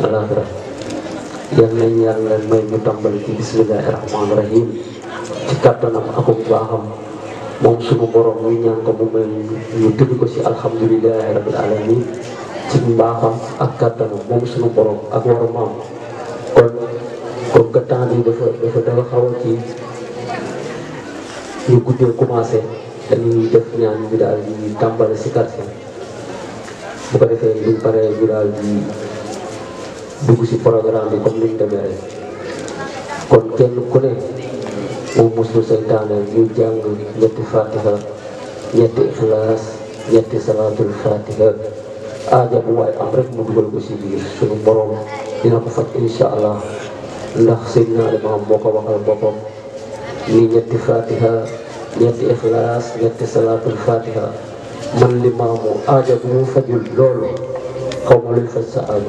berakhir yang menyiar dan menyutang berhenti bismillahirrahmanirrahim jika tanam aku paham mau suku borong minyak kamu menyutup kasi alhamdulillahirrahmanirrahim jimbaha akar tanam mau suku borong aku hormam kon kon ketani dapat dapat khawati ikuti kumase dan ini defnya tidak ditambah sekarang bukan defnya ini para yang tidak dugu ci program bi comme niñ demee lu kon kenn ku ne mu muslu seytaane ñu fatihah, ñetti fatiha ñetti ixlaas ñetti salaatul fatiha aaja bu waay am rek mu dugal ko ci biir suñu borom dina ko faj insha allah ndax seydina alimaam moo ko waxal boppam ni ñetti fatiha ñetti ixlaas ñetti salatul fatiha man fajul loolu xaw ma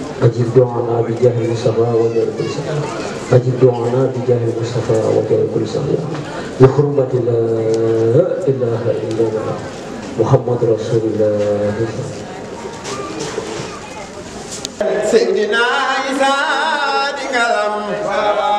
أجب دعانا بجاه المصطفى وجل كل سنة أجب دعانا بجاه المصطفى وجل كل سنة بحرمة لا إله إلا الله محمد رسول الله سيدنا عيسى دي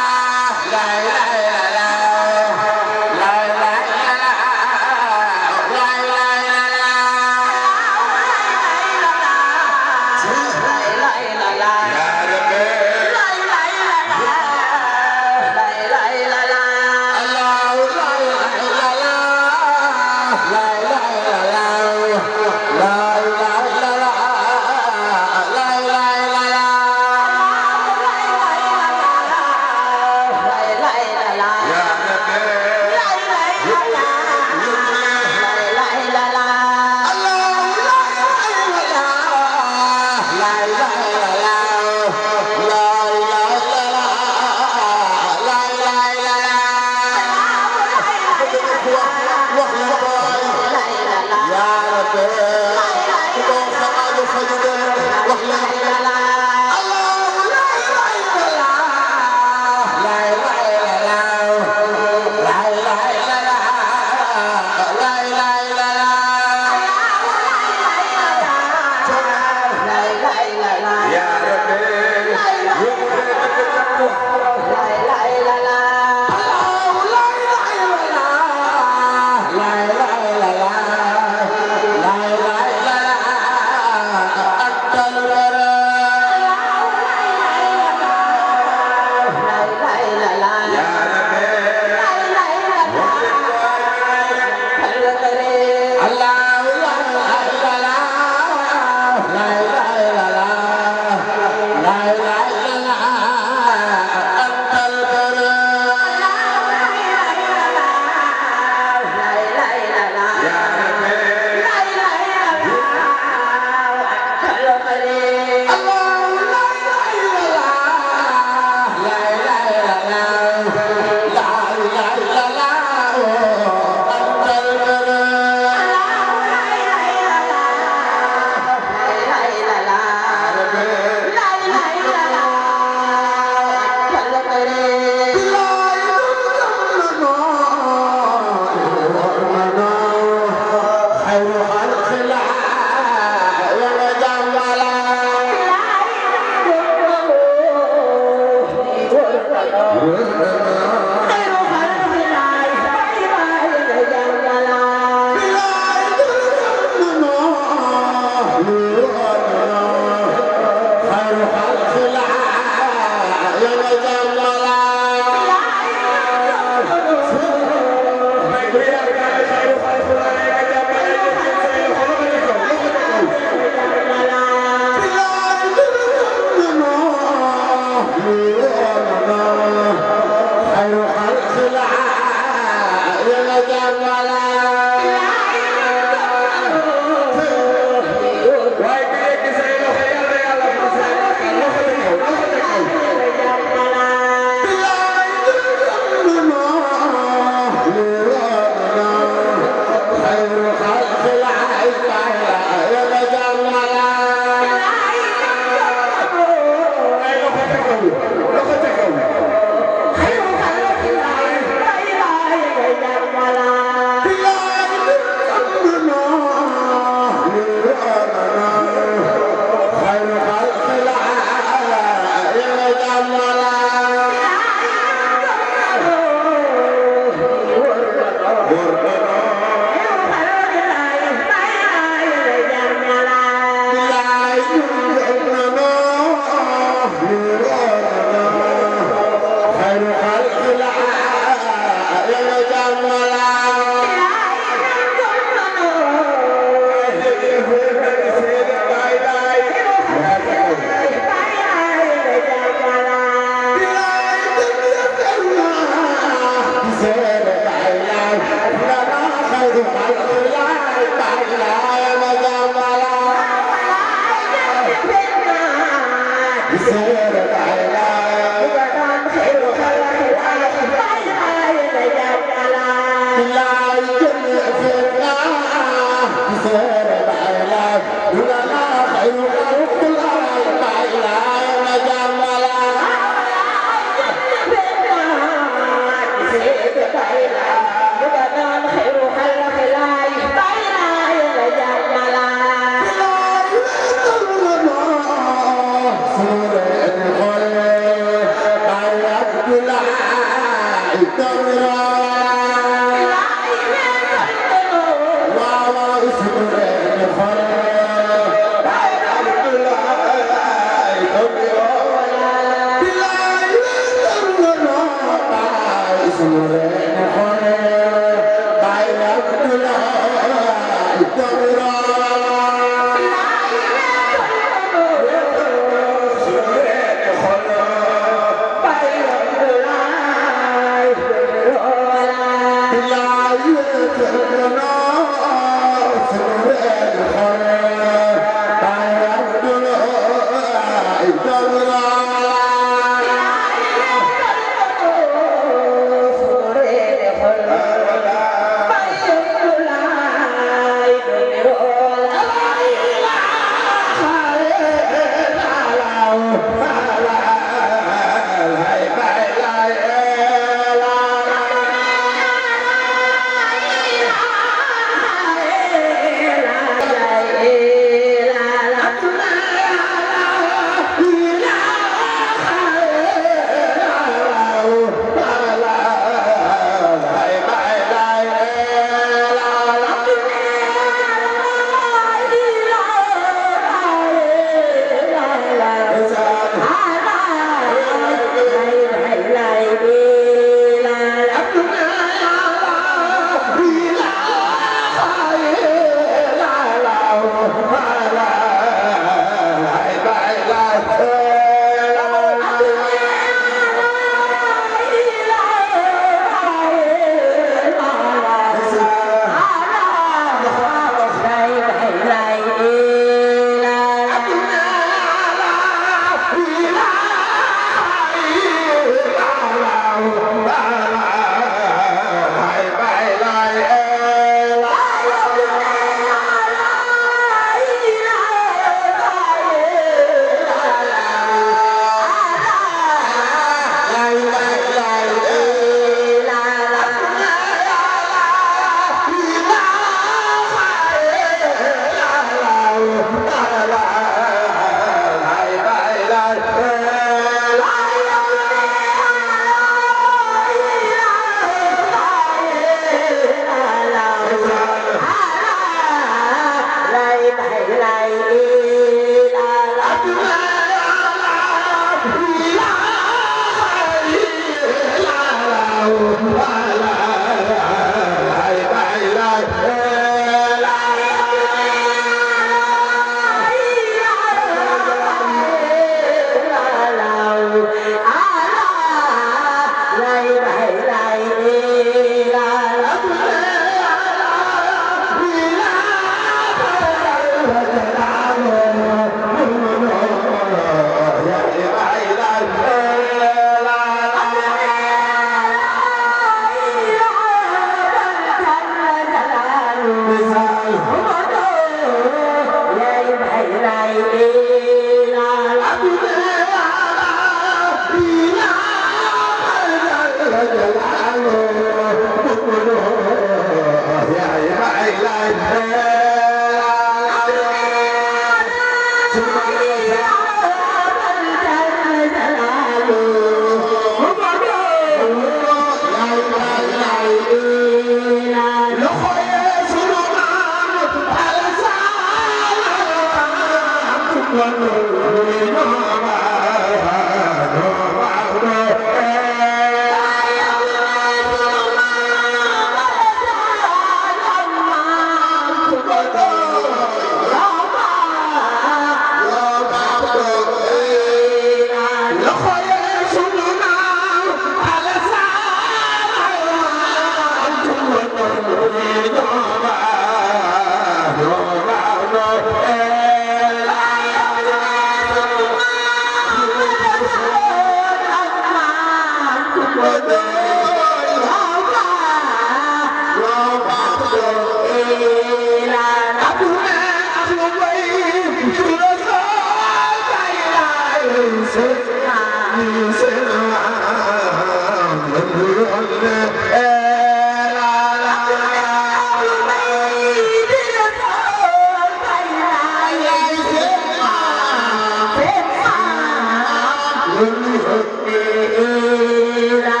Hakkı Eğren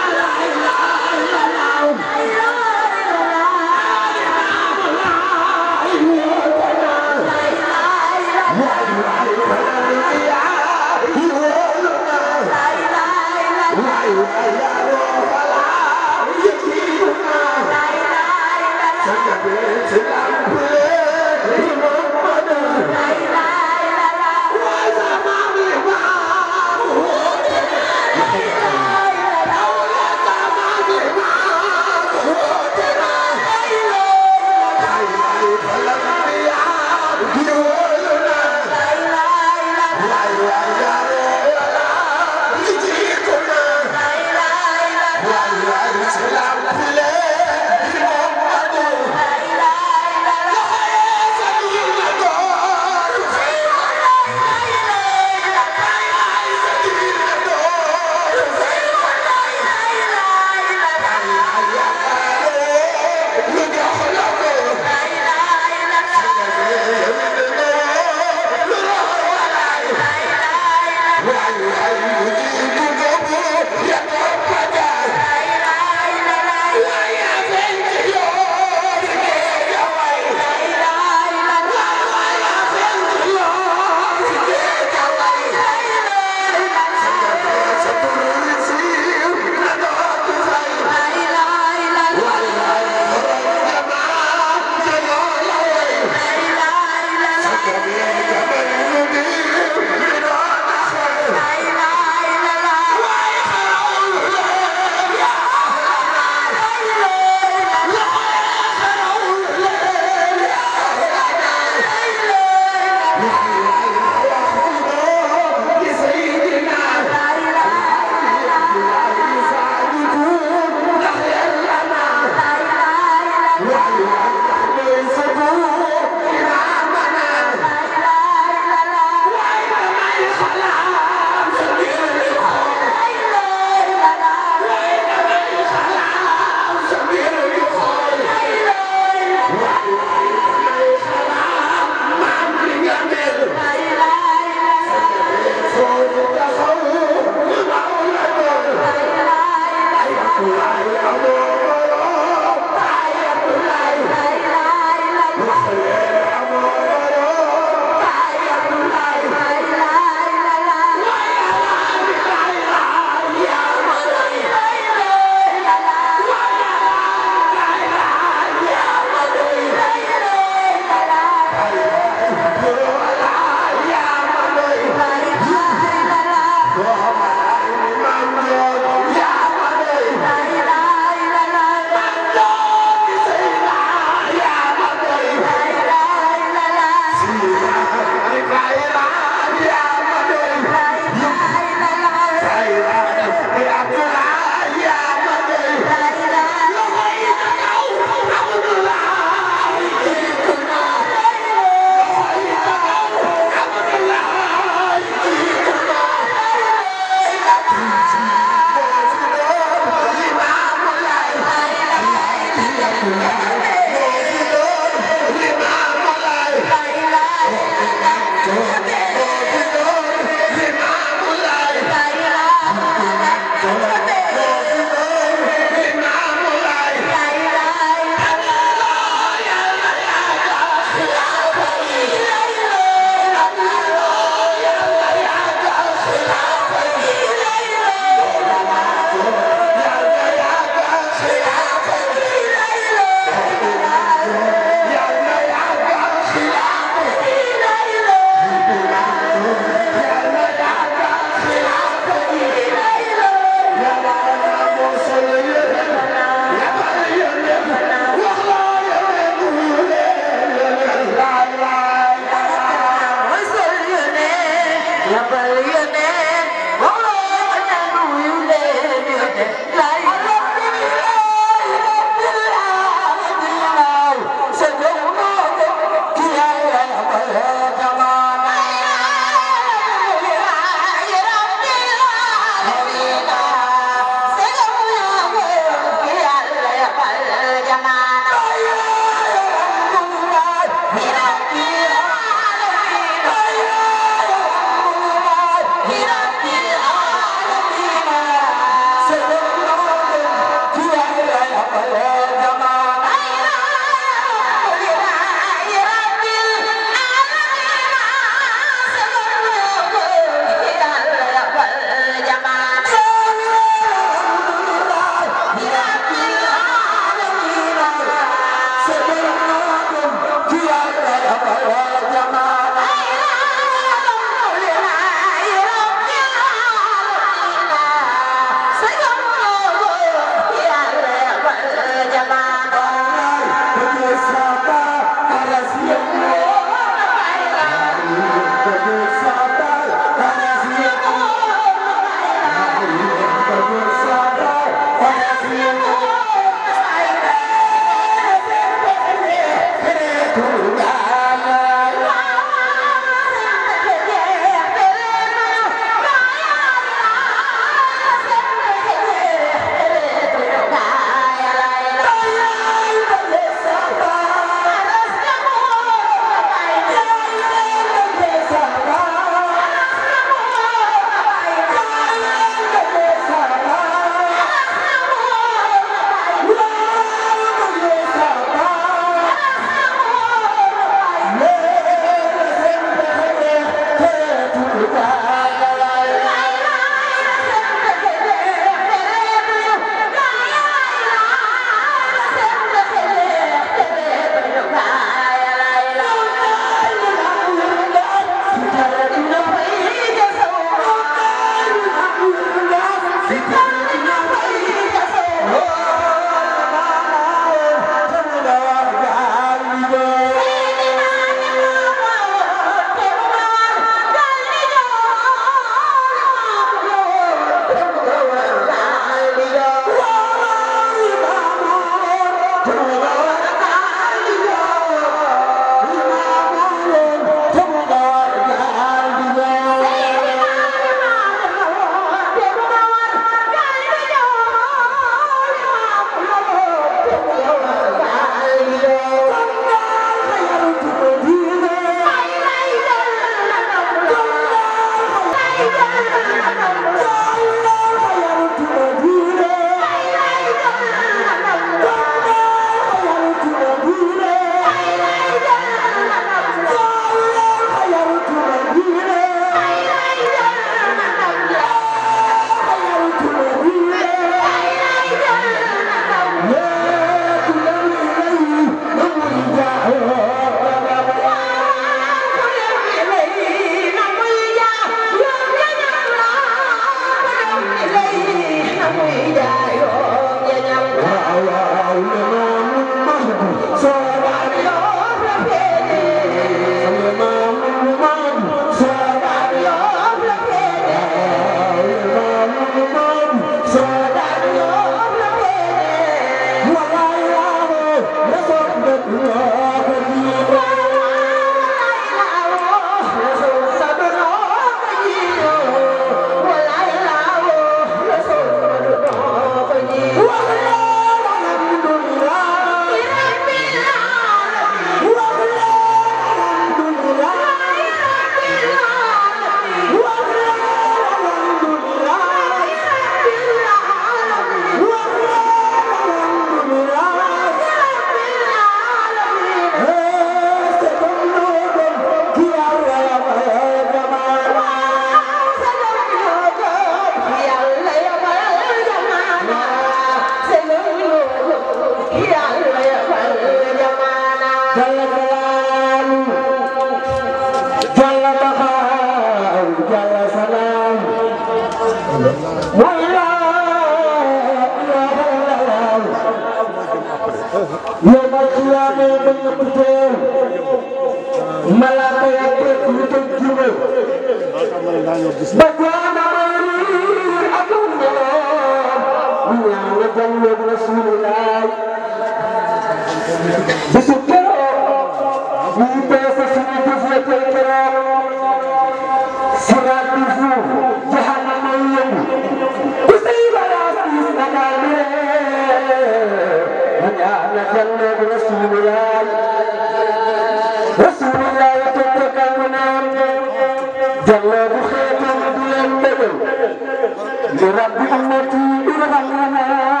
التي أرغمنا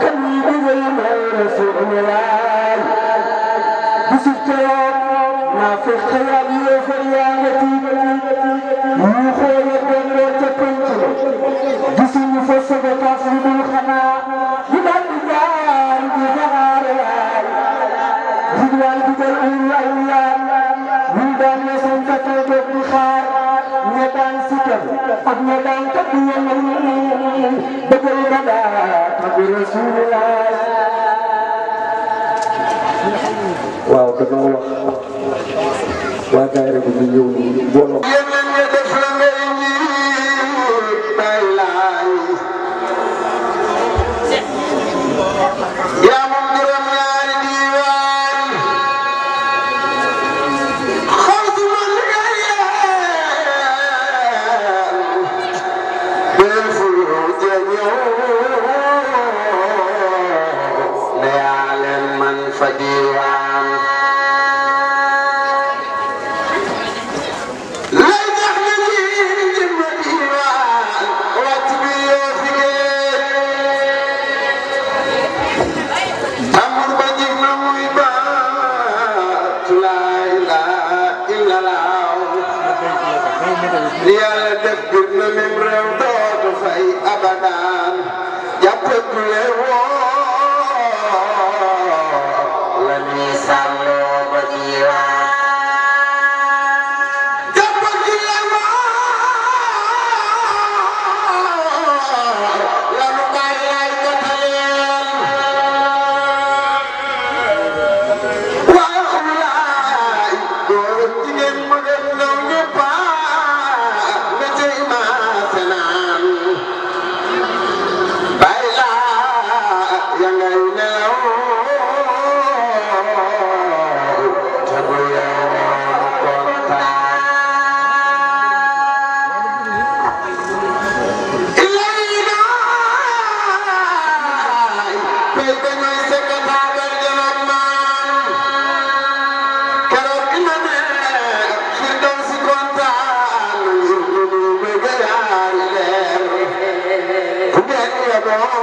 كم بذي ما رسولنا Oh,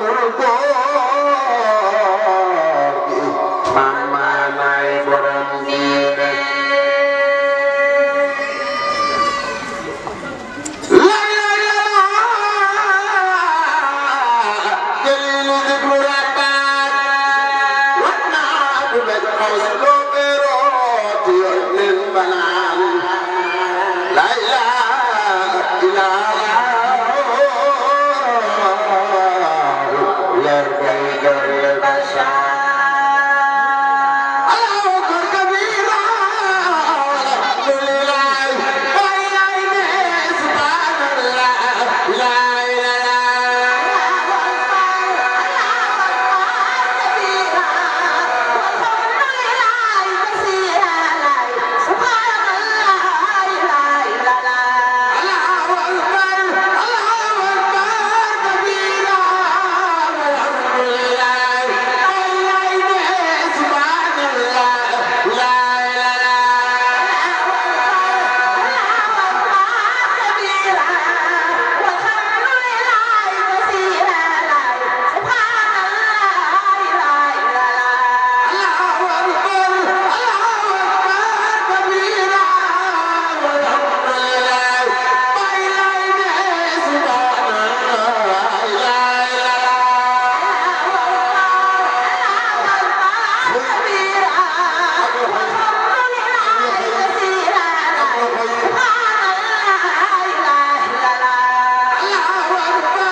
Mann Bye.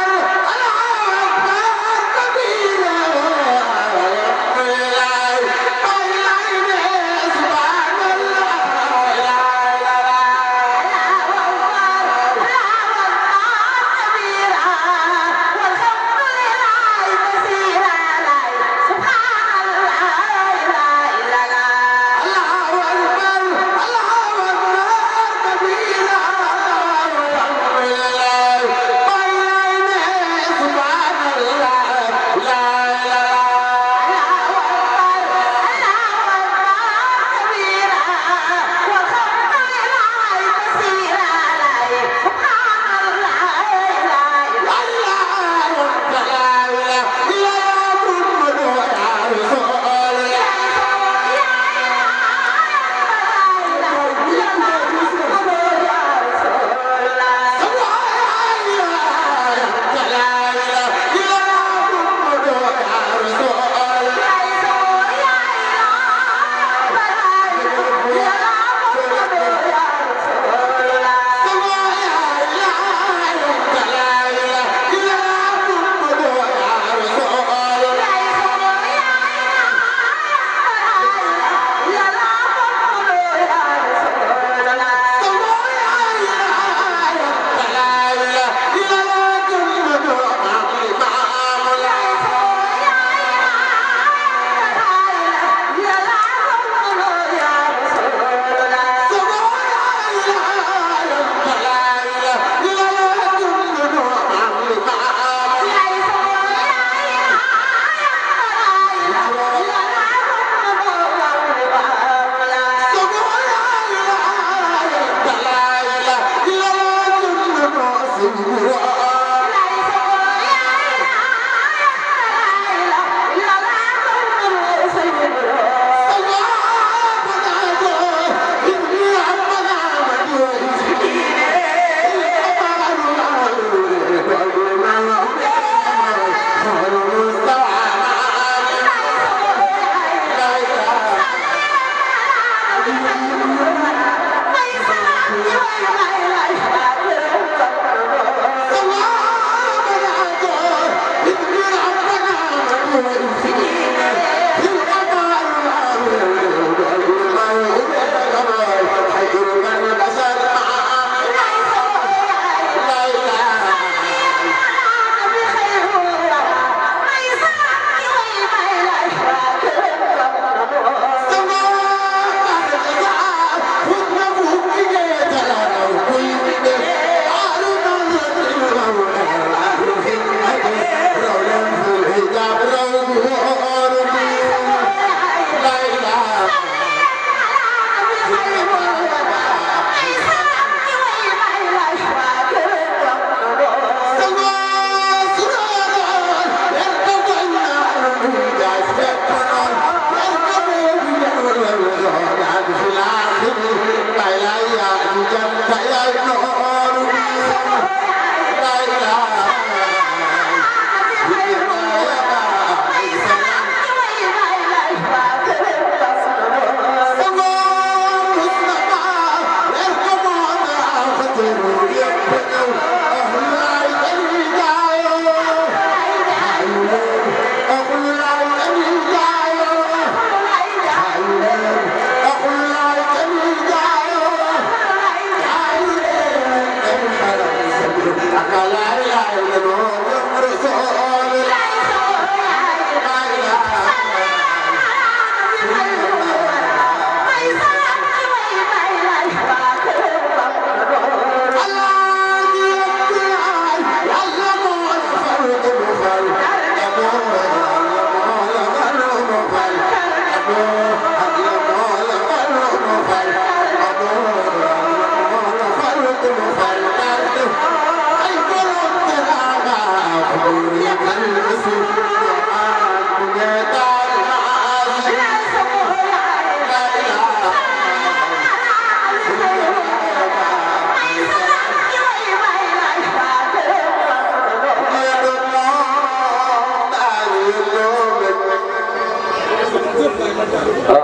Uh,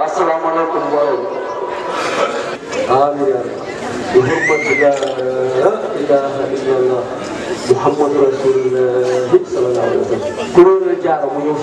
assalamu alaikum warahmatullahi ya Muhammad la ilaha illallah Muhammad Rasulullah sallallahu alaihi wasallam ku jaar mu ñew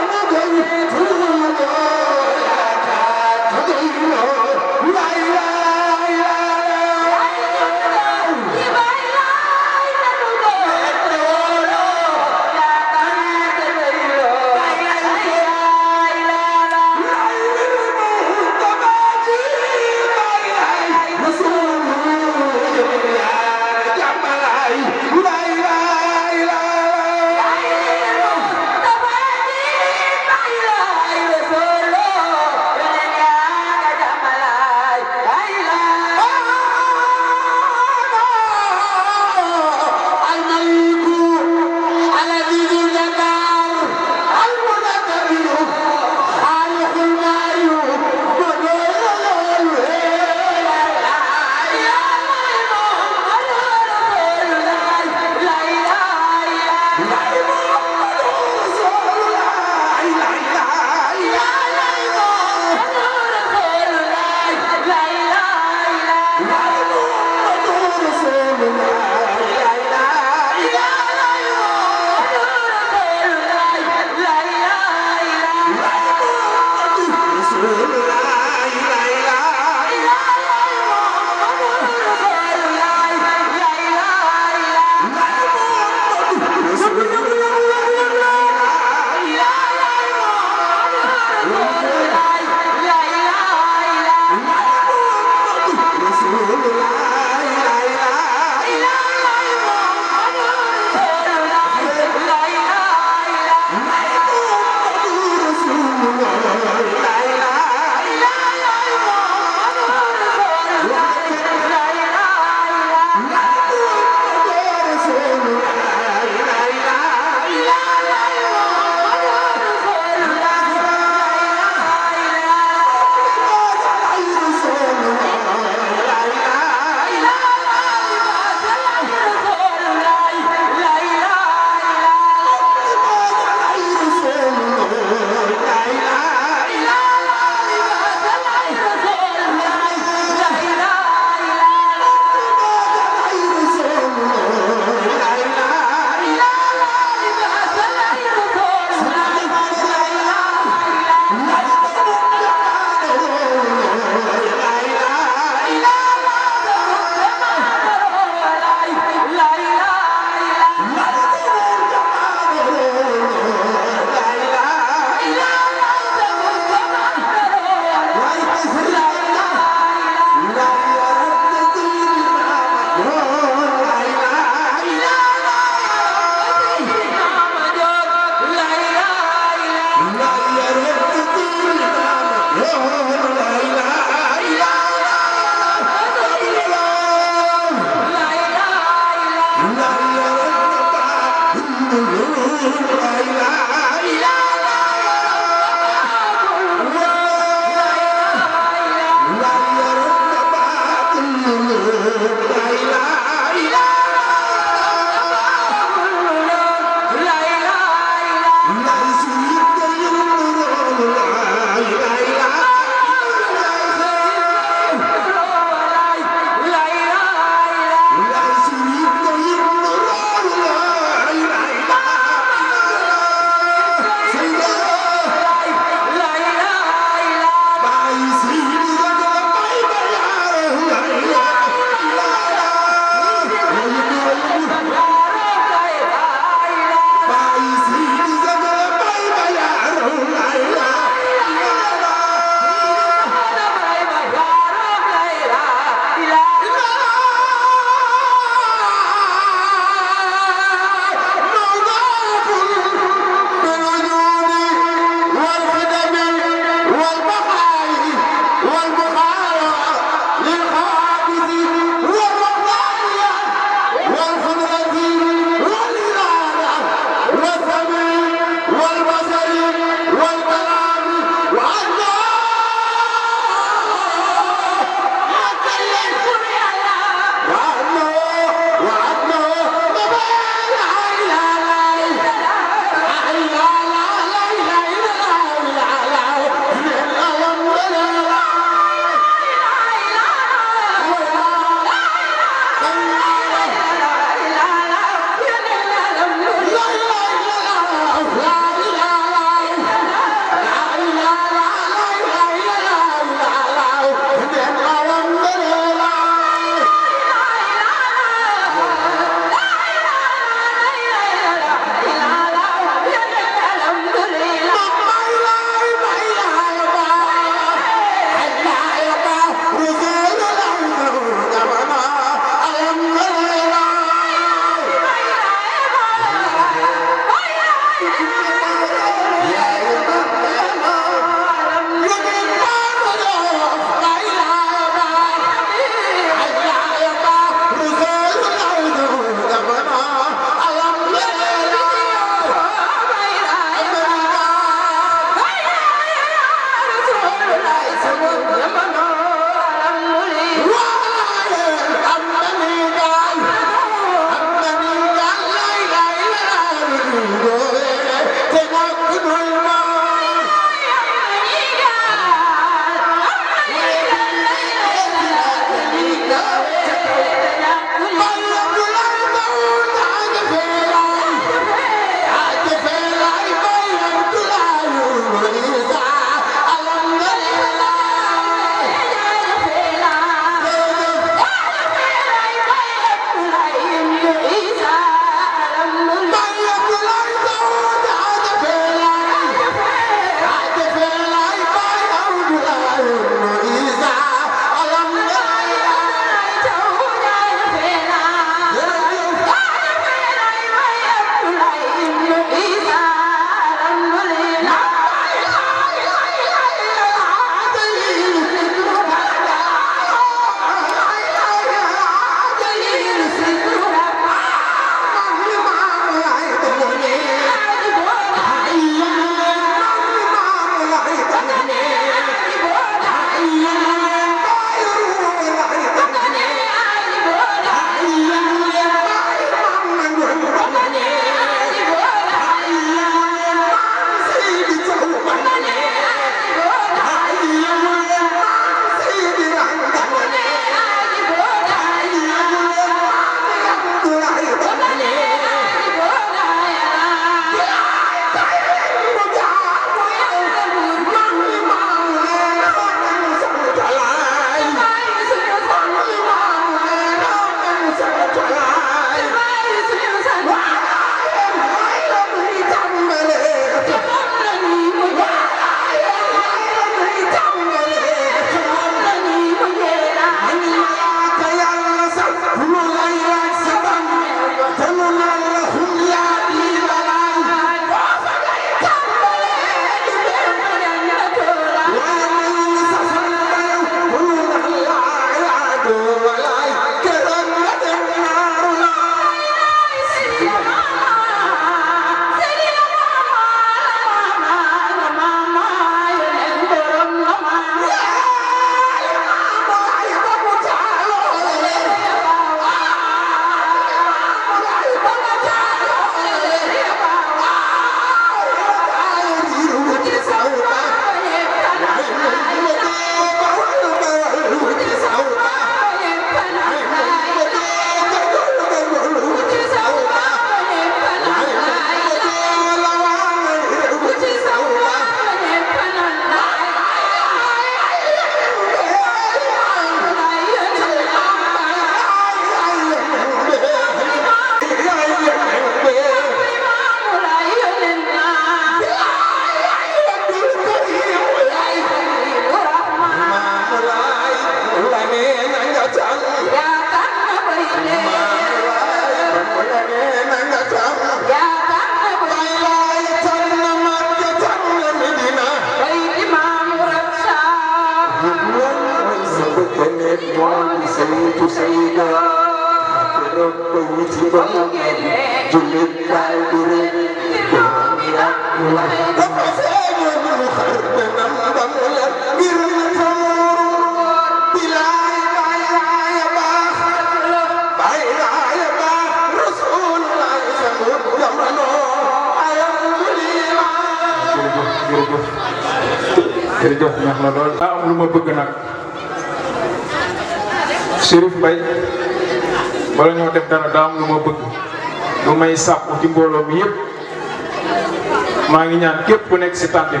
ci tànt bi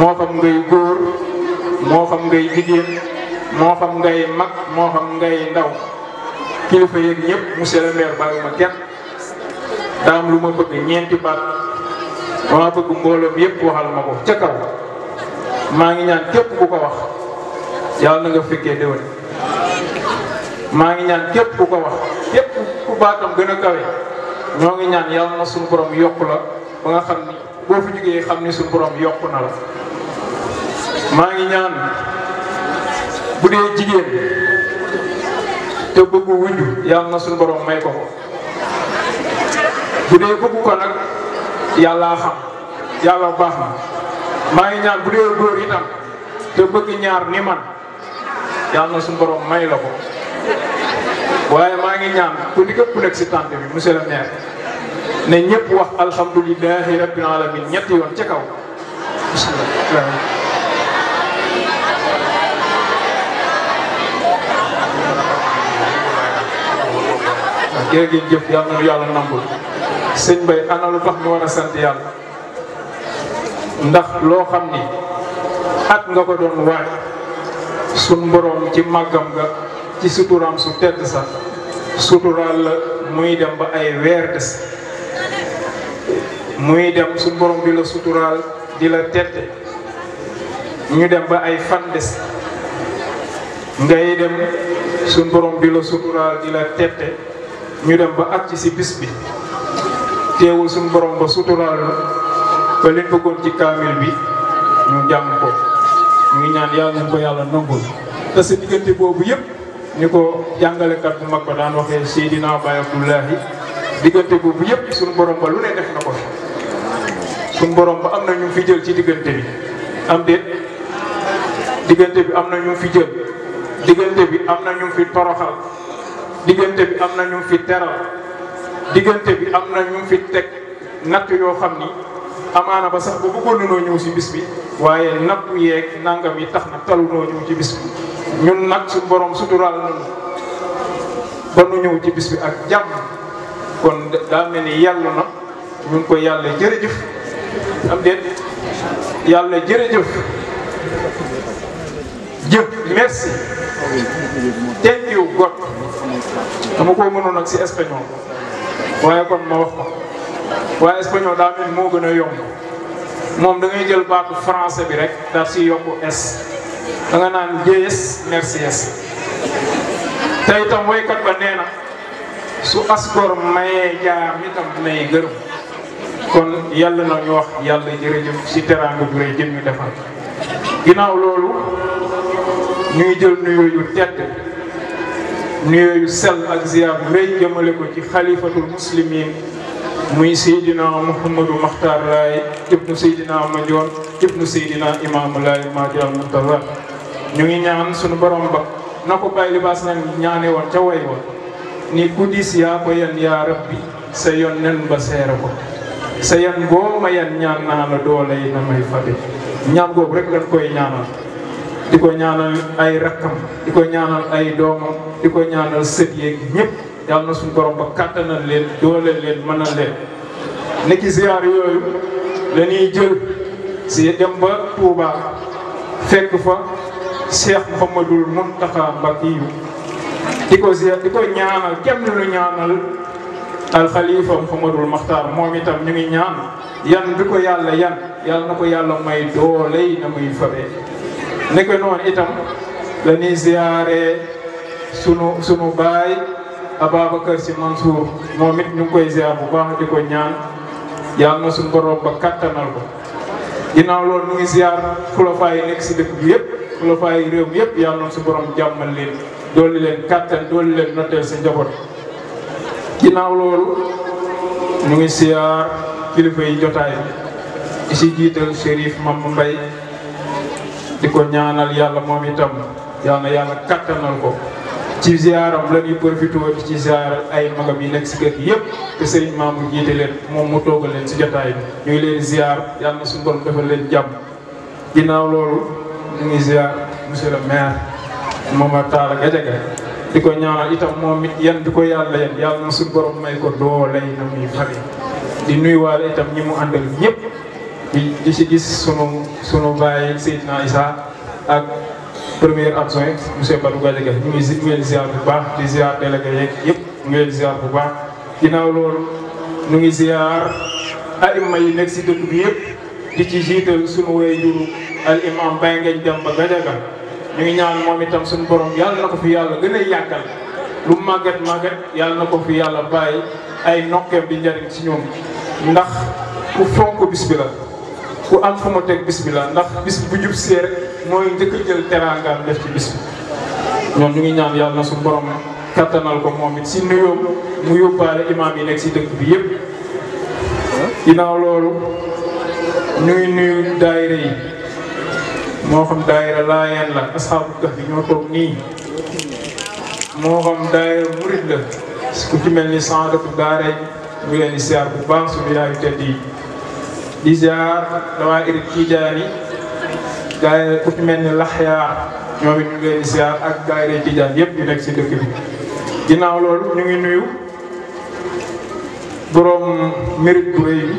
moo xam ngay góor moo xam ngay jigéen moo xam ngay mag moo xam ngay ndaw kilifa yeeg ñëpp monsieur le maire ma kenn daa lu ma bëgg ñeenti baat dama bëgg mbooloom yëpp waxal ma ko ca maa ngi ñaan képp ku ko wax yàlla na nga fekkee déwén maa ngi ñaan képp ku ko wax képp ku baatam gën a kawe ñoo ngi ñaan yàlla na suñu borom ba nga xam bo fi jógee xamni ni suñu borom yokku na la ma ngi ñaan bu dee jigéen te bëggu wuñu yalla na suñu borom may ko bu dee bëggu ko nak yalla xam yalla baax na ma ngi ñaan bu dee góor itam te bëgg ñaar ni man yalla na suñu borom may la ko waye ma ngi ñaan ku ni képp nekk si tànt bi monsieur le maire ne ñëpp wax alhamdulillahi rabbil alamin ñetti yoon ca kaw jërëjëf jëf yàlla na yàlla nangul sëñ bay ana lu tax ñu war a sant yàlla ndax loo xam ni at nga ko doon waaj sun borom ci màggam nga ci suturaam su tedd sa suturaal muy dem ba ay weer des muy dem su borom di la suturaal di la ñu dem ba ay fan des ngay dem sun borom di la suturaal di la ñu dem ba acci ci bis bi teewul sun borom ba sutural ba leen bëggoon ci kamil bi ñu jam ko ñu ñaan yàlla ñu ko yalla nangul te ci digënté bobu yépp ni ko kat bu mag ba daan waxee sayidina baay abdullahi diggante boobu yépp sun borom ba lu ne def nako suñ borom ba amna ñu fi jël ci digënté bi am dé digënté bi amna ñu fi jël digënté bi amna ñu fi toroxal digënté bi amna ñu fi teral digënté bi amna ñu fi tek natt yo xamni amana ba sax bu bëggoon ñu ñëw ci bis bi waaye natt yeeg nangam yi tax na talu noo ñu ci bis bi ñun nak suñ borom sutural nañu ba ñu ñëw ci bis bi ak jamm kon da melni yalla na ñu ko yalla jërëjëf am déet yàlla ne jërëjëf jëf merci thank you God dama koy mënoon nag si espagnol waaye kon ma wax ko waaye espagnol daa mel moo gën a yomb moom dangay jël baatu français bi rek daf si yokk s da nga naan jëyes merci es tey itam woykat ba nee su asgor mayee jaam itam nay gërëm kon yàlla na ñu wax yàlla jërëjëf si teraanga ju rëy jëm ñu defal ginnaaw loolu ñuy jël nuyoo yu tedd nuyoo yu sell ak ziar rëy jëmale ko ci xalifatul muslimin muy Seydina Mouhamadou Makhtar Laye ibnu Seydina Mandione ibnu Seydina Imaamu Laye Mahdi al Muntazar ñu ngi ñaan suñu borom ba na ko bàyyi libaas nag ñaane woon ca way wa ni guddi si yaa ko yen yaa rabbi sa yoon nen ba seere ko sa yan boo ma yan ñaan naa doole yi na may fate ñaan boobu rek dañ koy ñaanal di ko ñaanal ay rakkam di ko ñaanal ay doomam di ko ñaanal sët yeeg ñëpp yàlla na suñu ba kàttanal leen doole leen mën a leen nekki ziyaar yooyu dañuy jël si dem ba Touba fekk fa Cheikh Mouhamadoul Mountakha Mbacké di ko ziyaar di ko ñaanal kenn lu ñaanal alxalifa Mouhamadul Maxtaar moom itam ñu ngi ñaan yan bi ko yàlla yan yàlla na ko yàlla may doole yi na muy fabee ne noonu itam la ñuy ziare sunu sunu baay Ababacar Si Mansour moom it ñu ngi koy ziar bu baax di ko ñaan yàlla na suñu borom ba kattanal ko ginnaaw loolu ñu ngi ziar xulafaa yi nekk si dëkk bi yëpp xulafaa yi réew mi yëpp yàlla na suñu jàmmal leen dooli leen kattan dooli leen noteel si njaboot. ginnaaw loolu ñu ngi siyaar kilifa yi jotaay bi ci jiital Chérif Mame mbay di ko ñaanal yàlla moom itam yal na yàlla kattanal ko ci ziaram la ñuy profité ci ziaral ay magam yi nekk si kër gi yëpp te sëriñ Mamour jiite leen moom mu toogal si jotaay bi ñu ngi leen ziar yàlla na suñu leen jàmm ginnaaw loolu ñu ngi ziar monsieur le maire Momar Talla Gadiaga di ko ñaanal itam moom it yan di ko yàlla yan yàlla na suñu borom may ko doole na muy fari di nuyuwaale itam ñi mu àndal ñëpp di di ci gis sunu sunu bàyyi Seydina Issa ak premier adjoint monsieur Badou Gadiaga ñu ngi ñu ngi leen ziar bu baax di ziar délégué yëpp ñu ngi leen ziar bu baax. ginnaaw loolu ñu ngi ziar a yi nekk ci dëkk bi yëpp di ci jiital sunu wéyjuru al imam Baye Ngagne Demba Gadiaga ñu ngi ñaan moom itam suñu borom yàlla na ko fi yàlla gën a yàggal lu màggat màggat yàlla na ko fi yàlla bàyyi ay nokkeem di njariñ ci ñoom ndax ku fonk bis bi la ku am fu ma teg bis bi la ndax bis bu jub see rek mooy njëkk jël teraangaam def ci bis bi ñoom ñu ngi ñaan yàlla na suñu borom kattanal ko moom it si nuyoo mu yóbbaale imam yi nekk si dëkk bi yépp ginnaaw loolu ñuy nuyu daayira yi moo xam daayira laayeen la asxaabu gax bi ñoo toog nii moo xam daayira murit la ku ci mel ni sandatu daare ñu leen di siyaar bu baax suñu yaayu tedd yi di siyaar dawaa irit tijaani daayira ku ci mel ni laxyaa ñoom it ñu leen siyaar ak daayira tiijaan yépp yu nekk si dëkk bi ginnaaw loolu ñu ngi nuyu borom mérite bu rëy bi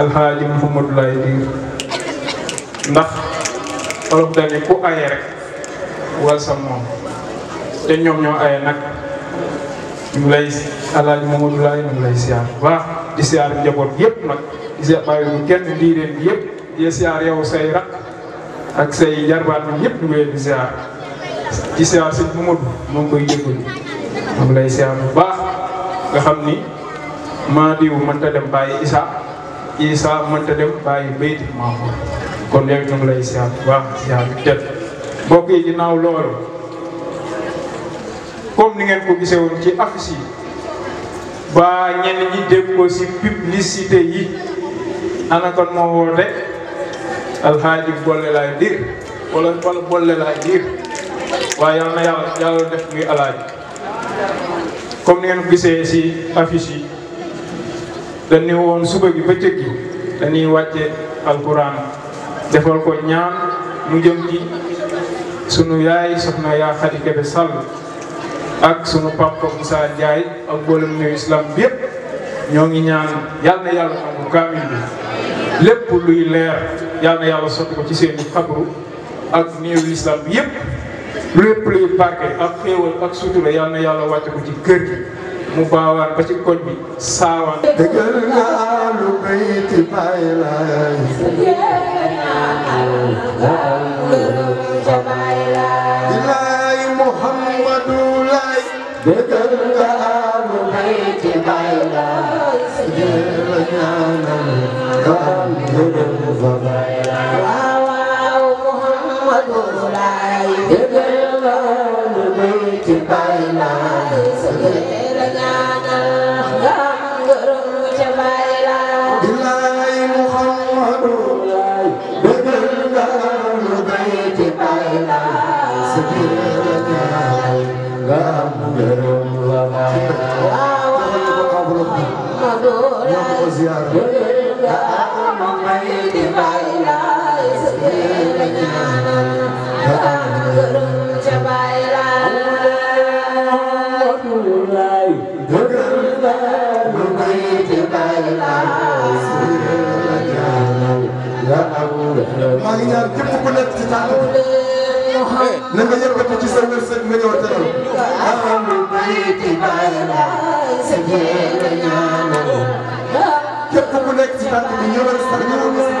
alxaaji Mouhamadou Laye Diir ndax olof dane ku aye rek wal moom te ñoom ñoo aye nag ñu lay alaaj Mamadou Laay ñu lay siyaar baax di siyaar njaboot yëpp nag di siyaar yëpp di siyaar yow ak say jarbaat bi yëpp koy jégalu lay siyaar bu baax nga xam ni maa diw mënta dem bàyyi Isa Isa mënta dem bàyyi Bayti Maamour kon yow itam lay sa wax baax siyaar bi jot mbokk yi ginaaw lool comme ni ngeen ko gisse won ci affiche ba ñen ñi dégg ko ci publicité yi ana kon moo al alxaaji bolle lay dir wala wala bolle lay dir wa yàlla na yàlla yàlla def muy alaaji comme ni ngeen ko gisse ci affiche dañ dañu won suba gi bëccëg gi dañuy wàcce alquran defal ko ñaan mu jëm ci sunu yaay soxna yaa Khady Kébé Sall ak sunu papa Moussa Ndiaye ak mboolem nuyu islam bi yëpp ñoo ngi ñaan yal na yàlla nangu kaamil bi lépp luy leer yal na yàlla sotti ko ci seen i xabru ak néew islam bi yëpp lépp luy barke ak xéewal ak sutura yal na yàlla wàcc ko ci kër gi. mu baawaan ba ci koñ bi saawaan dëggal nga alu bayti baay laay ilaay muhammadu laay dëggal nga alu bayti baay laay ziyaara maa ngi ñaan képp ku nekk ci taal na képp ku nekk ci tànk bi ñëwal sax ñëwal sax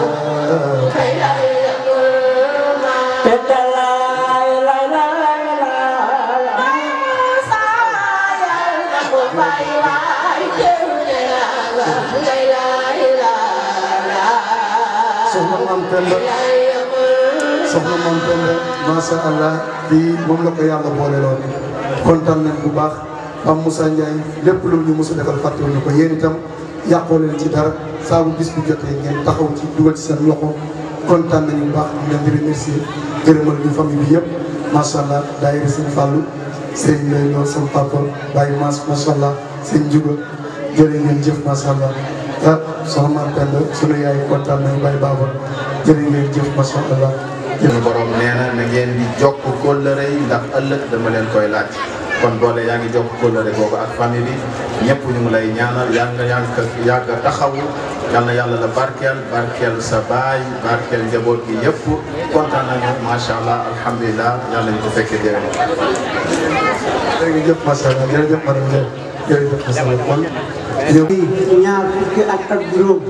soxna Mame Penda masha Allah bii moom la ko yàlla boole loon kontaan nañ bu baax am Moussa Ndiaye lépp lu ñu mos a defal fàttewuñu ko yéen itam yàqoo leen ci dara saa bu bis bu jotee ngeen taxaw dugal ci sen loxo kontaan nañu bu baax di leen di remercier gërëmal ñu fami bi yëpp macha allah daayira fallu sen seen ñoo sen papa bàyyi maas macha allah seen juga jërë ngeen jëf macha allah ah ma Mame Penda sunu yaay kontaan nañu baye baba jërë ngeen jëf macha allah. suñu borom neena na ngeen di jokk le yi ndax ëlëk dama leen koy laaj kon doole yaangi yaa ko le kóllëre boobu ak famille bi ñepp ñu ngi lay ñaanal yaanga yaanga yaa taxawu yal na yàlla la barkeel barkeel sa baay barkeel njaboot gi yëpp kontaan nañu macha allah alhamdulilah yal nañu ko fekkee déwén. jërëjëf macha allah jërëjëf madame Diop jërëjëf macha allah kon. ñaar fukki at ak juróom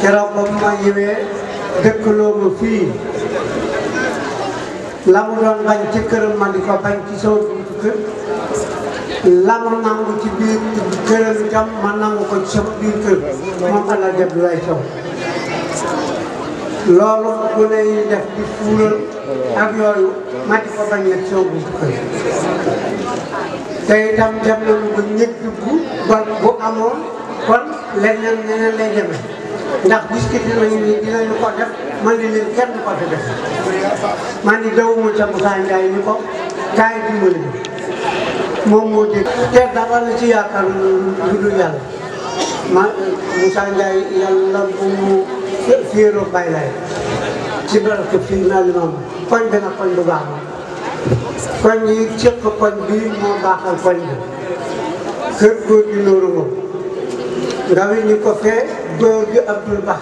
keroog ba ma ñëwee dëkkaloo ma fii la mu doon bañ ci këram ma di ko bañ ci sama buntu kër. la ma nangu ci biir këram itam ma nangu ko ci sama biir kër moom ala def lay taw loolu bu lay def di fuural ak yooyu ma ko bañ a coow bu kër te itam dem nañu bu bu amoon kon leneen leneen lay demee ndax biskit dinañu ni dinañu ko def man di leen kenn ko def man di dawuma ca Moussa Ndiaye ni ko kaay dimbali moom moo dégg te dara la ci yaakaar lu dul yàlla ma Moussa bu mu fiiroo bàyyi ci barke fii naa li koñ bi nag koñ bu baax la koñ yi cëq koñ bi moo baaxal koñ bi kër góor gi nóoru nga wi ko fee góor gi Abdoul Ba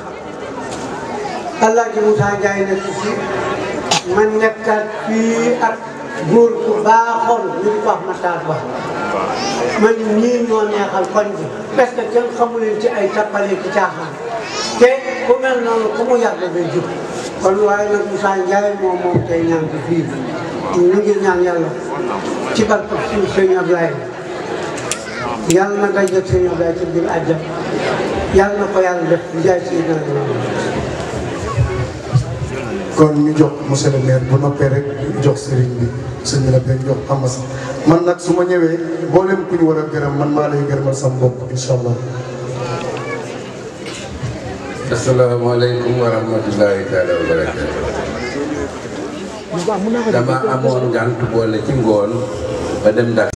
Alaaji Moussa Ndiaye nekk fii ma nekkaat fii ak góor ku baaxoon ñu ma ko wax Matar Ba man ñii ñoo neexal koñ bi kenn xamu leen ci ay tappale ci caaxaan te ku mel noonu ku mu yàgg day jub kon waaye nag Moussa Ndiaye moom moom tey ñaan bi fii ñu ngi ñaan yàlla ci barke suñu sëñ Ablaye yàlla na nga jël sëñ ci biir àjjana yàlla na ko yàlla def jaay si dara kon ñu jox monsieur le maire bu noppé rek jox sëriñ bi sëriñ la ben jox amass man nak suma ñëwé bo leen ku ñu wara gërëm man ma lay gërëmal sama bopp inshallah assalamu alaykum wa rahmatullahi taala wa barakatuh dama amoon ngant boole ci ngol ba dem